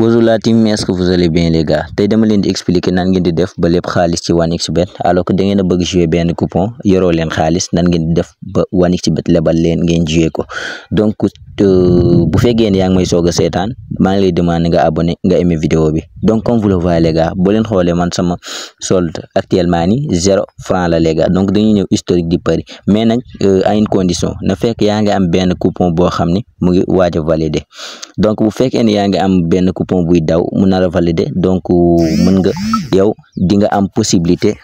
Bonjour la team, est-ce que vous allez bien les gars tey dama leen di expliquer nan def ba lépp xaalis ci 1xBet alors que da ngeen a benn coupon yoroo leen xaalis nan ngeen def ba 1 lebal leen ngeen jouer ko donc euh, bu fekkee ne yaa ngi may soog a seetaan maa ngi lay demande nga abonné nga aimé vidéo bi donc comme vous le voyez leen xoolee man sama solde actuellement ni zéro franc la donc dañuy ñëw historique di mais nag euh, à condition na fekk yaa ngi am benn coupon boo xam ni mu ngi waaj a valider donc bu fekkee ne am benn coupon buy daw donc euh, mën nga yow di nga am possibilité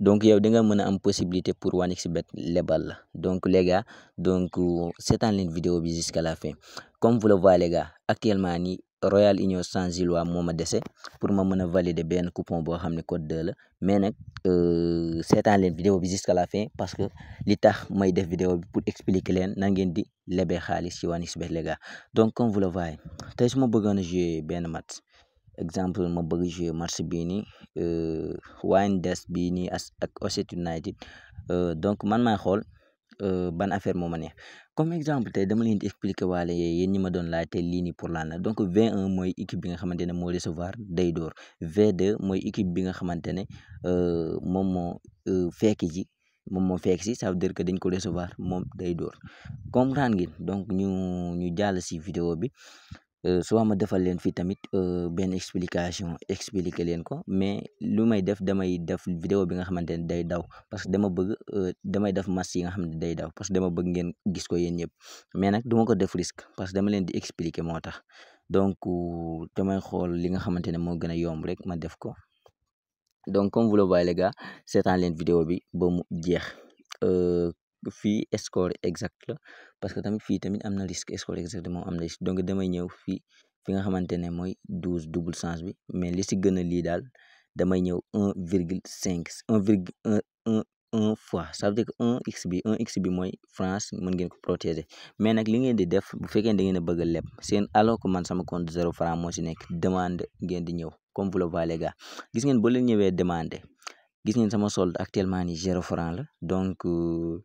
donc yow di nga am possibilité pour 1xbet lebal donc les gars donc c'est en ligne vidéo bi jusqu'à la fin comme vous le voyez les gars actuellement ni Royal Union sans Gilois moo ma pour ma mëna des valider coupon le code 2 la mais c'est un ligne vidéo bi jusqu'à la fin parce que li tax may def vidéo pour expliquer les na ngeen di lebee xaalis ci 1xbet les gars donc comme vous le voyez te su ma bëggoon a jouer benn mat exemple ma bëgg jouer match bii nii euh, Wydad bii nii ak Ossett United euh, donc man maay xool euh, ban affaire moo ma neex comme exemple tey dama leen di expliquer waale yéen ñi ma doon laate te nii pour laan la donc v mooy équipe bi nga xamante ne moo recevoir day door V2 mooy équipe bi nga xamante ne moom moo fekk ji moom moo fekk si ça veut dire que dañ ko recevoir moom day door comprendre ngeen donc ñu ñu jàll si vidéo bi Euh, soit ma defal leen fii tamit euh, benn explication expliquer leen ko mais lu may def damay def vidéo bi nga xamante ne day daw parce que dama bëgg euh, damay def match yi nga xam ne day daw parce que dama bëgg ngeen gis ko yéen ñëpp mais nag duma ko def risque parce que dama leen di expliquer moo tax donc damay xool li nga xamante ne moo gën a yomb rek ma def ko donc comme vous le voyez les leen vidéo bi ba mu jeex fii score exact la parce que tamit fii tamit am na risque score exact moom am na risque donc damay fi nga xamante ne mooy douze double sens bi mais li si gën a lii daal damay ñëw un virgule cinq un virgule un un fois ça veut dire que un x bi mooy France mën ngeen ko protéger mais nag li ngeen di def bu fekkee da ngeen bëgg a leb seen alors man sama compte zéro franc moo si nekk demande ngeen di ñëw comme vous le voyez les gars gis ngeen boo leen ñëwee demandé gis ngeen sama solde actuellement ni zéro franc la donc euh,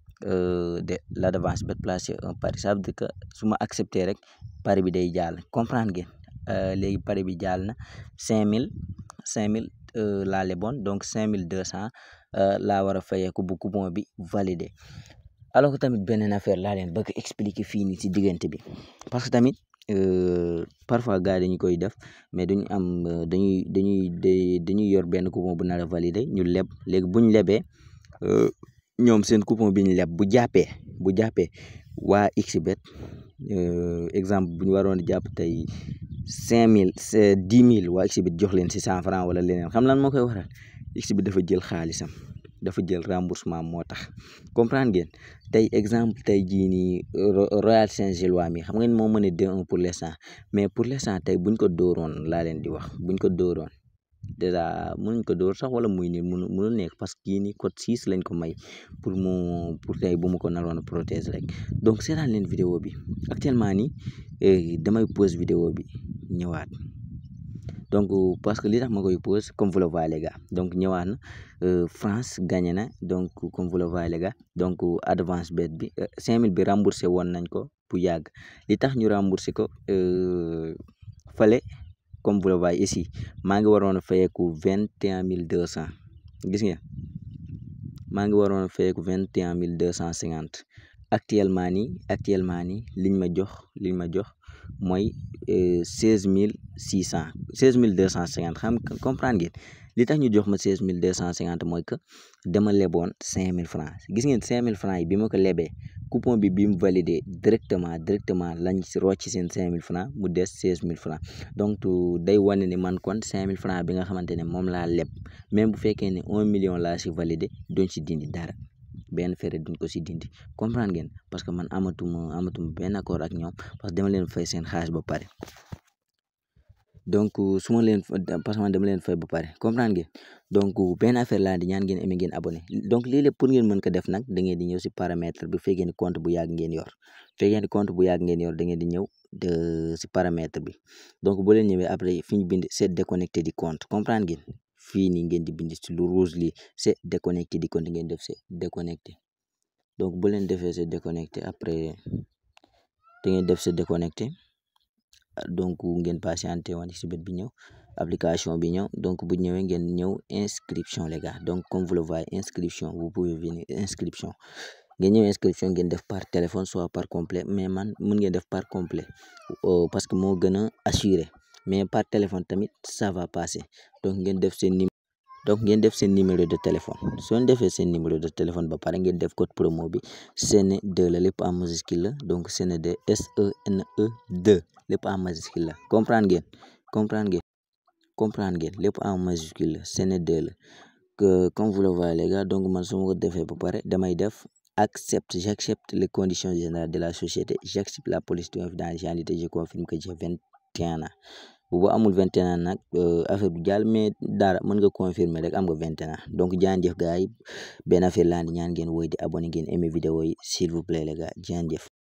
Euh, de l' avance bet placé un pari ça veut dire su ma accepté rek pari bi day jaal comprendre ngeen euh, léegi pari bi jaal na cinq mille cinq mille euh, laa leboon donc cinq mille deux cent laa war a fayeeku bu coupon bi validé alors que tamit beneen affaire laa leen bëgg fii nii ci diggante bi parce que tamit parfois gars dañu koy def mais duñu am dañuy dañuy dañuy yor benn coupon bu nar ñu leb léegi buñ lebee ñoom seen coupon bi ñu leb bu jàppee bu jàppee waa xbet euh, exemple bu ñu waroon jàpp tey cinq mille dix mille waa xbet jox leen six cent franc wala leneen xam lan moo koy waral xbet dafa jël xaalisam dafa jël remboursement moo tax comprendre ngeen tey exemple tey jii nii Royal Saint-Gilloise mi xam ngeen moo mën a deux un pour l'instant mais pour l'instant tey buñ ko dóoroon laa leen di wax buñ ko dóoroon da mun ko dor sax wala muy ni munu munu nekk parce que yii ni code 6 lañ ko may pour mu pour tey bu mu ko naroon a protéger rek donc seetaan leen vidéo bi actuellement ni eh, damay pause vidéo bi ñëwaat donc parce que li tax ma koy pause comme vous le voyez les gars donc ñëwaat na euh, France gagné na donc comme vous le voyez les gars donc advance bet bi 5000 euh, bi remboursé woon nañ ko bu yàgg li tax ñu remboursé ko euh, fale comme vous le maa ngi waroon a fayeeku vingt et un mille deux cent gis ngeen maa ngi waroon a fayeeku vingt et un mille deux cent cinquante actuellement nii actuellement nii liñ ma jox liñ ma jox mooy euh, seize mille six cent seize mille deux cent cinquante xam comprendre ngeen li jox ma seize mille deux cent cinquante mooy que dama leboon cinq mille francs gis ngeen cinq mille francs yi bi ma ko lebee coupon bi bi mu valide directement directement lañ si rocc seen cinq mille francs mu des seize mille francs donc day wane ne man kon cinq mille francs bi nga xamante ne moom laa leb même bu fekkee ni un million la si validé doon si dindi dara benn fere duñ ko si dindi comprendre ngeen parce que man amatuma amatuma benn accord ak ñoom parce que dama leen fay seen xaalis ba pare donc euh, su ma leen parce que man dama leen fay ba pare comprendre ngeen donc euh, benn affaire laa di ñaan ngeen amee ngeen abonné donc lii lépp pour ngeen mën ko def nag da ngeen di ñëw si paramètre bu fekkee ni compte bu yàgg ngeen yor bu fekkee ni compte bu yàgg si paramètre bi donc boo leen ñëwee après fi ñu bind c'est déconnecté di compte comprendre ngeen fii nii ngeen di bind si lu rouge lii c'est déconnecté di compte ngeen def c'est déconnecté donc boo leen defee c'est déconnecté après da ngeen def c'est déconnecté donc ngeen patienté woon ci bët bi ñew application bi ñew donc bu ñewé ngeen ñew inscription les gars donc comme vous le voyez inscription vous pouvez venir inscription ngeen ñew inscription ngeen def par téléphone soit par complet mais man mën ngeen def par complet oh, parce que mo gëna a assuré mais par téléphone tamit ça va passer donc ngeen def sen donc ngeen def sen numéro de téléphone soo defé sen numéro de téléphone ba par ngeen def code promo bi N 2 la lépp en majuscule la donc SENE2 S E N E 2 lepp en majuscule la comprendre ngeen comprendre ngeen comprendre ngeen lepp en majuscule c'est ce que comme vous le voyez les gars donc man suma ko defé ba paré def accepte j'accepte les conditions générales de la société j'accepte la police de l'identité je confirme que j'ai 21 ans bu ba amul 21 ans nak euh affaire bi dal mais dara man nga confirmer rek am nga 21 ans donc jian def gars ben affaire la ni ñaan ngeen woy di abonner ngeen aimer vidéo yi s'il vous plaît les gars jian def